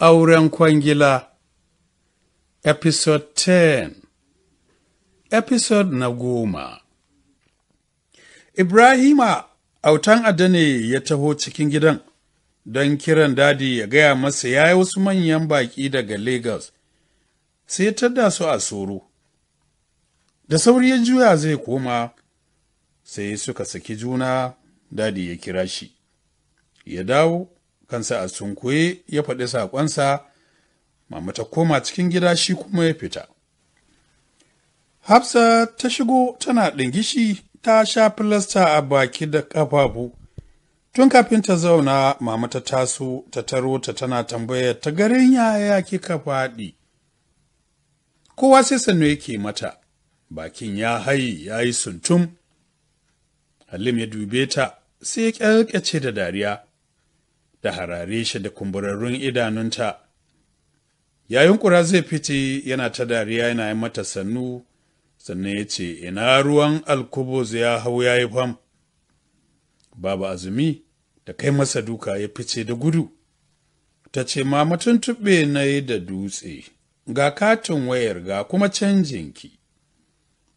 Auren kwangila Episode 10 Episode na goma Ibrahima autan adane ya taho cikin gidan don kiran dadi ya gaya masa ya yi wasu manyan baƙi daga Lagos sai ta da su a soro. Da sauri ya juya zai koma sai suka saki juna dadi ya kira shi. Ya dawo kansa a sunkuye ya faɗi saƙonsa mama ta koma cikin gida shi kuma ya fita hafsa ta shigo tana ɗingishi ta sha filasta a baki da ƙafafu tun kafin ta zauna mama ta taso ta taro ta tana tambayar ta garin yaya kika faɗi kowa sai sannu yake mata bakin ya hayi ya yi suntum halim ya dube ta sai ya ƙyarƙyace da dariya da harare shi da kumburarrun idanunta. Ya ƙura zai fice yana ta dariya yana yi mata sannu, sannan ya ce, Ina ruwan alkubuz ya hau ya yi fam. Babu azumi da kai masa duka ya fice da gudu. Ta ce, Mama tuntuɓe na yi da dutse, ga katin wayar ga kuma canjinki.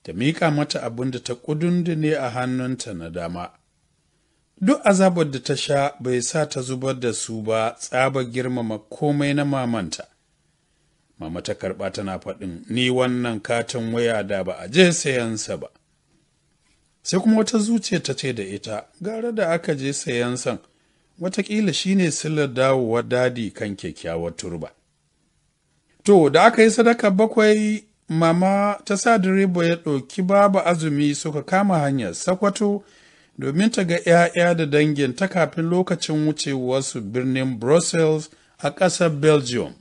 Ta miƙa mata abin da ta ne a hannunta na dama. duk azabar da ta sha bai sa ta zubar da su ba tsabar girmama komai na mamanta mama ta karɓa tana faɗin ni wannan katin waya da ba a je sayansa ba sai kuma wata zuciya ta ce da ita gara da aka je sayansan watakila shine silar dawowa dadi kan kyakkyawar turba to da aka yi sadaka bakwai mama ta sa direba ya ɗauki babu azumi suka kama hanyar sakwato domin ta ga 'ya'ya da dangin ta kafin lokacin wucewarsu birnin Brussels a ƙasar Belgium.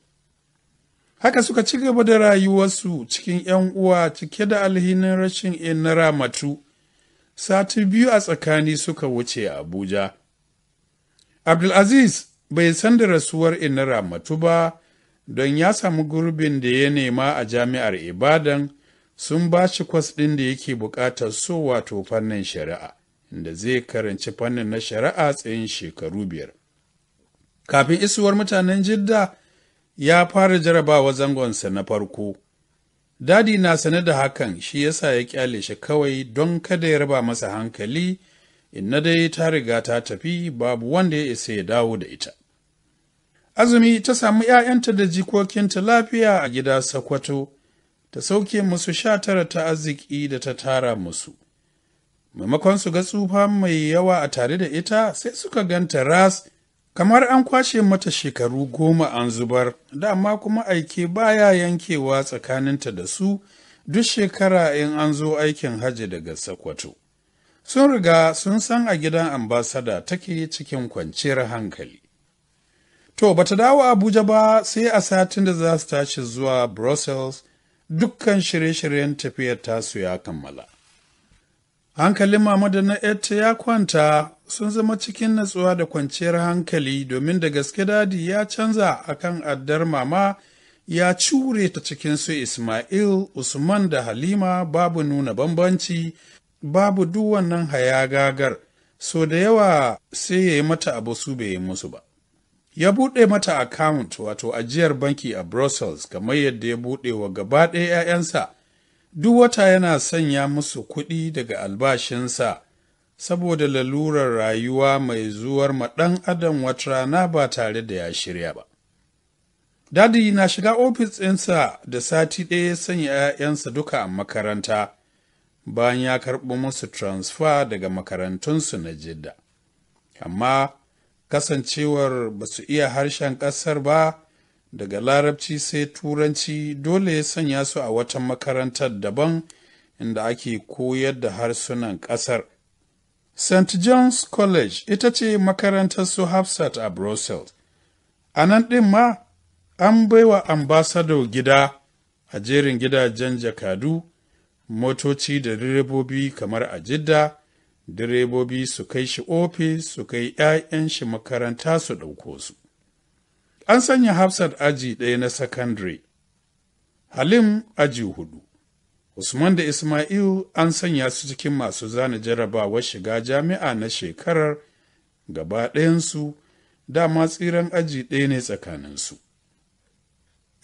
Haka suka ci gaba da rayuwarsu cikin 'yan uwa cike da alhinin rashin inara matu. Sati biyu a tsakani suka wuce a Abuja. Abdulaziz bai san da rasuwar inara matu ba don ya samu gurbin da ya nema a jami'ar Ibadan sun ba shi kwas ɗin da yake buƙatar so wato fannin shari'a. da zai karanci fannin na shari'a tsayin shekaru biyar. Kafin isuwar mutanen Jidda ya fara jarabawa zangonsa na farko. Dadi na sane da hakan shi yasa ya kyale shi kawai don kada ya raba masa hankali inna dai ta riga ta tafi babu wanda ya isa ya dawo da ita. Azumi ta samu ‘ya'yanta da jikokinta lafiya a gida Sakwato, ta sauke musu sha tara ta arziki da ta tara musu. maimakon su ga tsufa mai yawa a tare da ita sai suka ganta ras kamar an kwashe mata shekaru goma an zubar dama kuma aike baya yankewa tsakaninta da su duk shekara in an zo aikin hajji daga sakwato sun riga sun san a gidan ambasada take cikin kwanciyar hankali to bata dawo abuja ba sai a satin da za su tashi zuwa brussels dukkan shirye-shiryen tafiyar tasu ya kammala Hankalin Mamadu na ta ya kwanta sun zama cikin natsuwa da kwanciyar hankali domin da gaske dadi ya canza akan addar mama ya cure ta cikin su Ismail, Usman da Halima babu nuna bambanci, babu duk wannan hayagagar, so da yawa sai ya yi mata abu su bai yi musu ba. Ya buɗe mata akawunt wato ajiyar banki a Brussels kamar yadda ya buɗe wa gaba ɗaya 'ya'yansa. duk wata yana sanya musu kuɗi daga albashinsa saboda lalurar rayuwa mai zuwar maɗan adam wata rana ba tare da ya shirya ba. Dadi na shiga ofis ɗinsa da sati ɗaya sanya ‘ya'yansa duka a makaranta bayan ya karɓi musu transfer daga makarantunsu na jidda. Amma kasancewar ba su iya harshen ƙasar ba daga larabci sai turanci dole ya sanya su a wata makarantar daban inda ake koyar da harsunan ƙasar. St. John's College ita ce makarantar su Hafsat a Brussels. A nan ɗin ma an baiwa ambasado gida a jerin gidajen jakadu, motoci da direbobi kamar a Jidda, direbobi su kai shi ofis su kai ‘ya'yan shi makaranta su ɗauko su. An sanya Hafsat aji ɗaya na sakandare, Halim aji hudu. Usman da Ismail an sanya su cikin masu zana jarabawar shiga jami'a na shekarar gaba ɗayansu dama tsiran aji ɗaya ne tsakaninsu.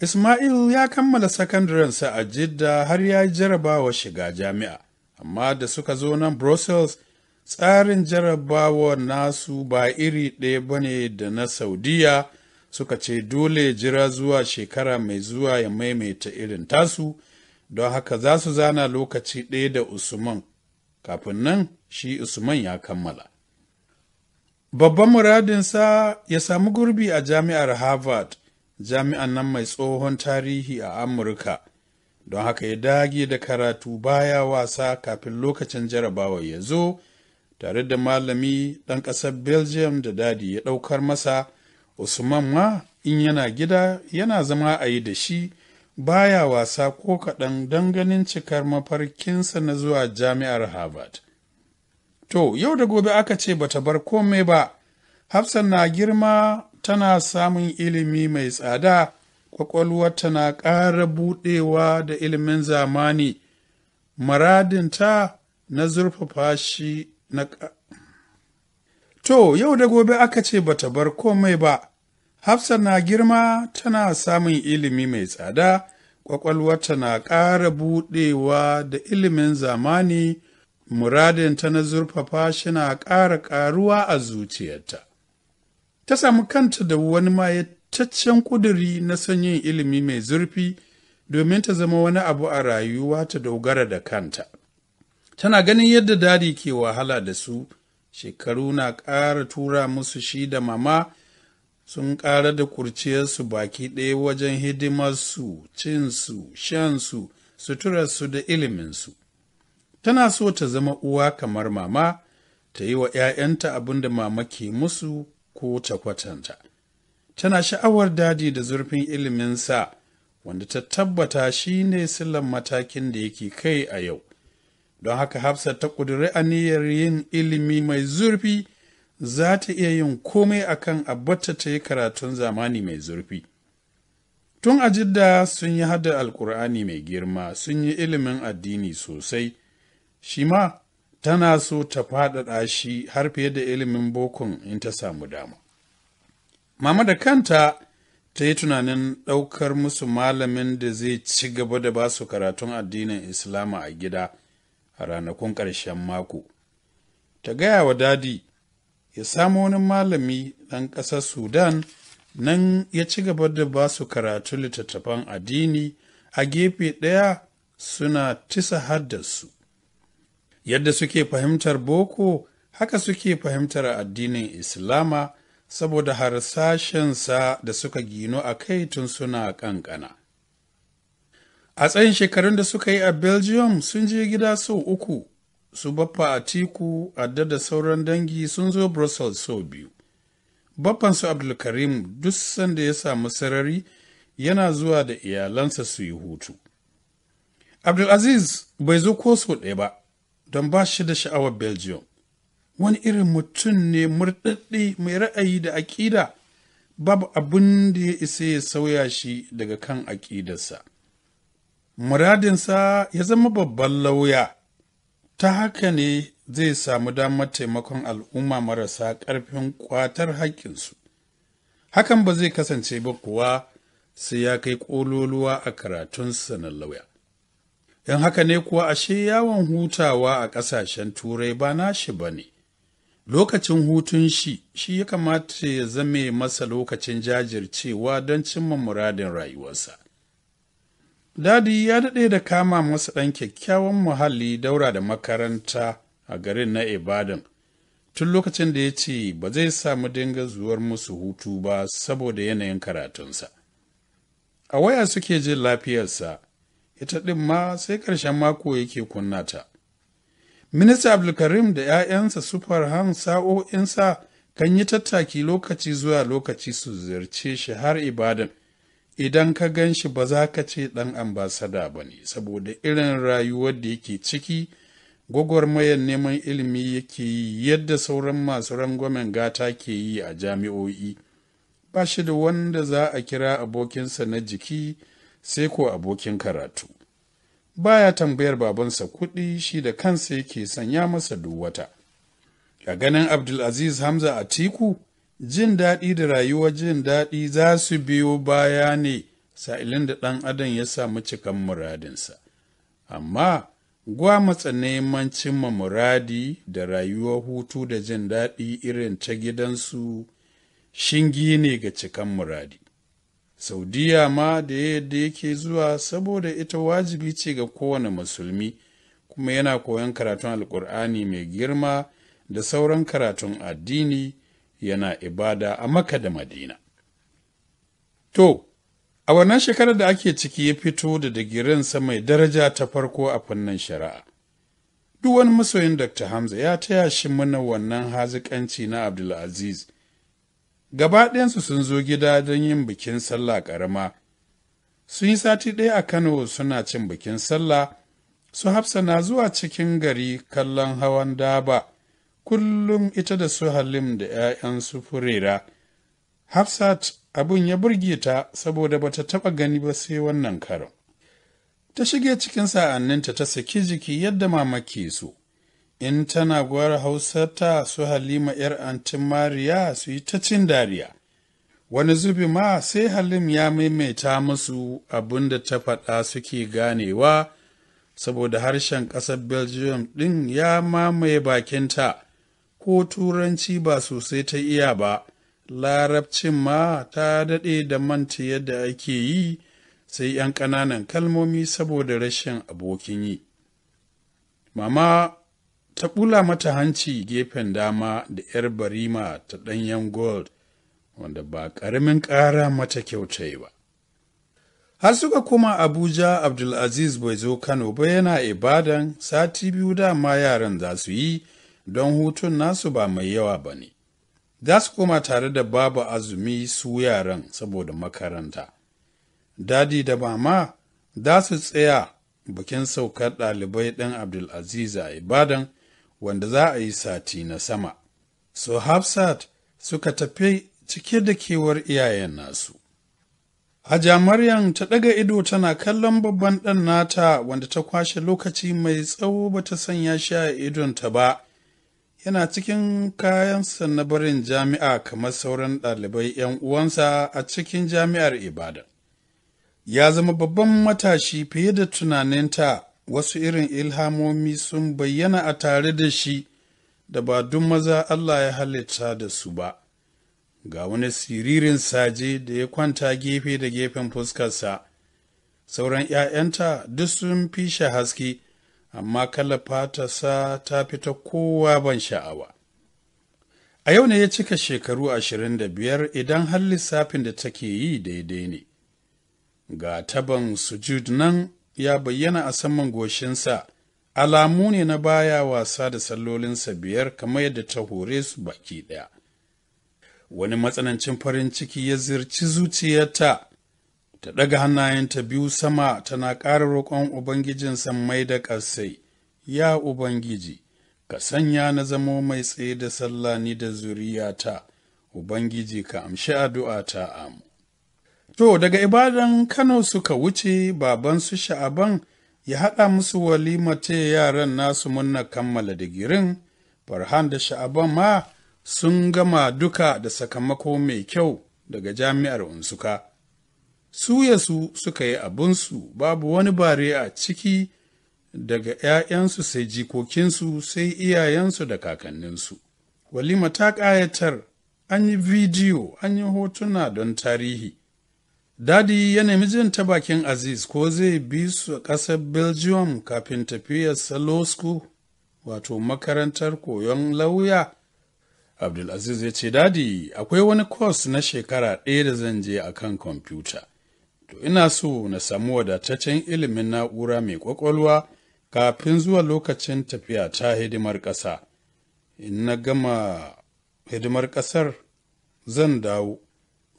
Ismail ya kammala sakandarensa a Jidda har ya yi jarabawar shiga jami'a, amma da suka zo nan Brussels tsarin jarabawar nasu ba iri ɗaya ba ne da na Saudiya suka ce dole jira zuwa shekara mai zuwa ya maimaita irin tasu don haka za su zana lokaci ɗaya da usman kafin nan shi usman ya kammala babban muradinsa ya samu gurbi a jami'ar harvard jami'an nan mai tsohon tarihi a amurka don haka ya dage da karatu baya wasa kafin lokacin jarabawa ya zo tare da malami ɗan ƙasar belgium da dadi ya ɗaukar masa Usman ma in yana gida yana zama a yi da shi baya wasa ko kaɗan don ganin cikar mafarkinsa na zuwa jami'ar Harvard. To, yau da gobe aka ce bata bar komai ba, Hafsan na girma tana samun ilimi mai tsada, ƙwaƙwalwarta na ƙara buɗewa da ilimin zamani, maradinta na zurfafa shi na To, yau da gobe aka ce bata bar komai ba, Hafsa na girma tana samun ilimi mai tsada, ƙwaƙwalwarta na ƙara buɗewa da ilimin zamani, muradin ta na zurfafa shi na ƙara ƙaruwa a zuciyarta. Ta samu kanta da wani mayataccen ƙuduri na son yin ilimi mai zurfi domin ta zama wani abu a rayuwa ta dogara da kanta. Tana ganin yadda dadi ke wahala da su shekaru na ƙara tura musu shi da mama sun ƙara da kurciyarsu baki ɗaya wajen hidimarsu cinsu shansu suturarsu da iliminsu tana so ta zama uwa kamar mama ta yi wa ‘ya'yanta abin da mama ke musu ko ta kwatanta tana sha'awar dadi da zurfin iliminsa wanda ta tabbata shi ne matakin da yake kai a yau don haka hafsa ta ƙudiri aniyar yin ilimi mai zurfi za ta iya yin komai akan abbata ta yi karatun zamani mai zurfi tun a jidda sun yi hada alkur'ani mai girma sun yi ilimin addini sosai shi ma tana so ta faɗaɗa shi har fiye da ilimin bokon in ta samu dama mama da kanta ta yi tunanin ɗaukar musu malamin da zai ci gaba da ba su karatun addinin islama a gida a ranakun ƙarshen mako ta gaya wa dadi ya samu wani malami ɗan ƙasar sudan nan ya ci gaba da ba su karatu littattafan addini a gefe ɗaya suna tisa haddarsu yadda suke fahimtar boko haka suke fahimtar addinin islama saboda harsashensa da suka gino a kai tun suna ƙanƙana a tsayin shekarun da suka yi a belgium sun je gida sau uku su baffa a tiku a da sauran dangi sun zo brussels sau biyu baffansu abdulkarim duk sanda ya samu sarari yana zuwa da iyalansa su yi hutu abdulaziz bai zo ko sau ɗaya ba don ba shi da sha'awar belgium wani irin mutum ne murɗaɗɗe mai ra'ayi da aƙida babu abin da ya isa ya sauya shi daga kan aƙidarsa. muradinsa ya zama babban lauya ta haka ne zai samu damar taimakon al'umma marasa ƙarfin ƙwatar haƙƙinsu hakan ba zai kasance ba kuwa sai ya kai ƙololuwa a karatunsa na lauya Yan haka ne kuwa ashe yawon hutawa a ƙasashen turai ba nashi ba ne lokacin hutun shi shi ya kamata ya zame masa lokacin jajircewa don cimma muradin rayuwarsa Dadi ya daɗe da kama masa ɗan kyakkyawan muhalli daura da makaranta a garin na Ibadan. Tun lokacin da ya ce ba zai samu dinga zuwar musu hutu ba saboda yanayin karatunsa. A waya suke jin lafiyarsa, ita ɗin ma sai ƙarshen mako yake kunna ta. Minista Abdulkarim da ‘ya'yansa su han sa'o'insa kan yi tattaki lokaci zuwa lokaci su ziyarce shi har Ibadan. idan ka gan shi ba za ka ce ɗan ambasada ba ne saboda irin rayuwar da yake ciki gwagwarmayar neman ilimi yake yi yadda sauran masu rangwamen gata ke yi a jami'o'i ba shi da wanda za a kira abokinsa na jiki sai ko abokin karatu baya tambayar babansa kuɗi shi da kansa yake sanya masa wata a ganin abdulaziz hamza a atiku jin daɗi da rayuwa jin daɗi za su biyo baya ne sa'ilin da ɗan adam ya samu cikan muradinsa, amma matsa neman cimma muradi da rayuwar hutu da jin daɗi irin ta gidansu shingi ne ga cikan muradi. Saudiya ma da yadda yake zuwa saboda ita wajibi ce ga kowane musulmi kuma yana koyon karatun alkur'ani mai girma da sauran karatun addini. yana ibada a maka da Madina. To, a wannan shekarar da ake ciki ya fito da digirinsa mai daraja ta farko a fannin shari'a. Duk wani masoyin Dr. Hamza ya taya shi mana wannan haziƙanci na Abdulaziz. Gaba ɗayansu sun zo gida don yin bikin sallah ƙarama. Sun yi sati ɗaya a Kano suna cin bikin sallah, su na zuwa cikin gari kallon hawan daba. kullum ita da su Halim da ‘ya'yansu furera. Hafsat abun ya burge ta saboda bata taɓa gani ba sai wannan karo. Ta shige cikin sa'anninta ta saki jiki yadda mamaki su, in tana gwar ta su Halima ‘yar antin Mariya su yi ta cin dariya. Wani zubi ma sai Halim ya maimaita musu abin da ta faɗa suke ganewa, saboda harshen ƙasar Belgium ɗin ya mamaye bakinta. ko turanci ba sosai ta iya ba larabcin ma ta daɗe da manta yadda ake yi sai ‘yan ƙananan kalmomi saboda rashin abokin yi. Mama ta ɓula mata hanci gefen dama da ‘yar barima ta ɗanyen gold wanda ba ƙaramin ƙara mata kyautai ba. Har suka kuma Abuja Abdulaziz bai zo Kano ba yana Ibadan sati biyu dama yaran za su yi don hutun nasu ba mai yawa ba ne. Za su koma tare da babu azumi su yaran saboda makaranta. Dadi da mama za su tsaya bikin saukar ɗalibai ɗan Abdulaziz a Ibadan wanda za a yi sati na sama. So Hafsat suka tafi cike da kewar iyayen nasu. Haja Maryam ta ɗaga ido tana kallon babban ɗan nata wanda ta kwashe lokaci mai tsawo ba ta sanya shi a idonta ba, yana cikin kayansa na barin jami'a kamar sauran ɗalibai 'yan uwansa a cikin jami'ar Ibadan. Ya zama babban matashi fiye da tunaninta wasu irin ilhamomi sun bayyana a tare da shi da ba duk maza Allah ya halitta da su ba. Ga wani siririn saje da ya kwanta gefe da gefen fuskarsa, sauran ‘ya'yanta duk sun fi shi haske. amma kala fatarsa ta fita kowa ban sha'awa. A yau ne ya cika shekaru ashirin da biyar idan har lissafin da take yi daidai ne. Ga taban sujud nan ya bayyana a saman goshinsa, alamu ne na baya wasa da sallolinsa biyar kamar yadda ta hore su baki ɗaya. Wani matsanancin farin ciki ya zirci zuciyarta ta ɗaga hannayenta biyu sama tana ƙara roƙon Ubangijin mai da ƙasai, ya Ubangiji, ka sanya na zamo mai tsaye da sallah ni da zuriyata, Ubangiji ka amshi addu'a addu'ata amu. To, daga ibadan Kano suka wuce babansu sha'aban ya haɗa musu walima ta yaran nasu munna kammala digirin, Farhan da sha'aban ma sun gama duka da sakamako mai kyau daga jami'ar Unsuka. su yasu suka yi abinsu babu wani bare a ciki daga ‘ya'yansu sai jikokinsu sai iyayensu da kakanninsu. Walima ta ƙayatar an yi bidiyo an yi hotuna don tarihi. Dadi ya nemi jin ta bakin Aziz ko zai bi su a ƙasar Belgium kafin tafiyar Salosku, wato makarantar koyon lauya. Abdulaziz ya ce, Dadi, akwai wani kwas na shekara ɗaya da zan je a kan kwamfuta. to ina so na samu wadataccen ilimin na'ura mai ƙwaƙwalwa kafin zuwa lokacin tafiya ta hidimar ƙasa. In na gama hidimar ƙasar zan dawo,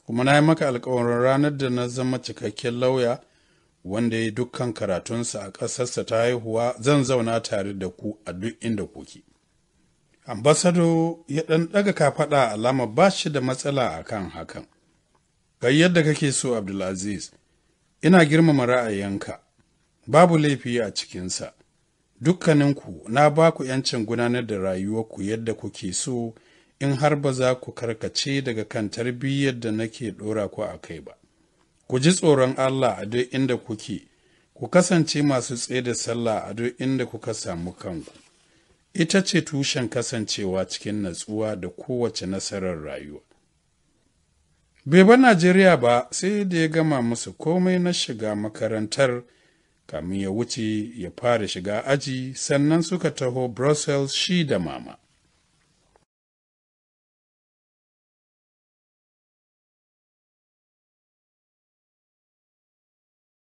kuma na yi maka alkawarin ranar da na zama cikakken lauya wanda ya dukkan karatunsa a ƙasarsa ta haihuwa zan zauna tare da ku a duk inda kuke. Ambasado ya ɗan ɗaga kafaɗa alama ba shi da matsala a kan hakan. Ga yadda kake so Abdulaziz, ina girmama ra'ayinka, babu laifi a cikinsa, dukkaninku na ba ku ‘yancin gudanar da rayuwarku yadda kuke so in har ba za ku karkace daga kan tarbiyyar da nake ɗora ku a kai ba. Ku ji tsoron Allah a duk inda kuke, ku kasance masu tsaye da sallah a duk inda kuka samu kanku. Ita ce tushen kasancewa cikin natsuwa da kowace nasarar rayuwa. bai bar najeriya ba sai da ya gama musu komai na shiga makarantar kamin ya wuce ya fara shiga aji sannan suka taho brussels shi da mama